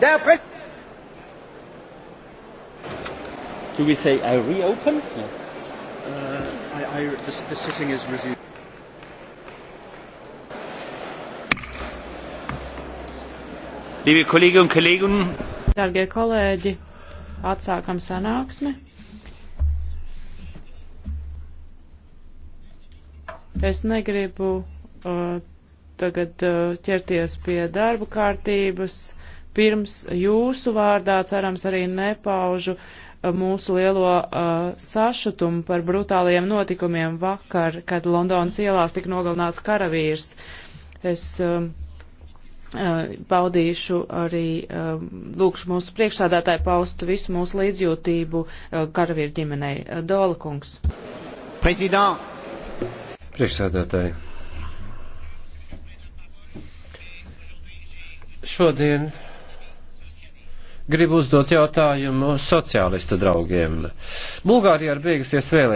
D'après. Do we say I reopen? No. Uh, I, I, the, the sitting is resumed. Liebe Kolleginnen und Kollegen, Dargie kolēģi, atsākam sanāksmi. Es negribu uh, tagad uh, ķerties pie darba kārtības pirms jūsu vārdā, cerams, arī nepaužu uh, mūsu lielo uh, sašutumu par brutāliem notikumiem vakar, kad Londonas ielās tika nogalināts karavīrs. Es um, uh, baudīšu arī, uh, lūkšu mūsu priekšsādātāju paust visu mūsu līdzjūtību uh, karavīru ģimenei. Uh, Dola kungs. Prezident. Priekšsādātāji. Šodien Gribu uzdot jautājumu sociālistu draugiem. Bulgārijā ir beigusies vēlēšanas.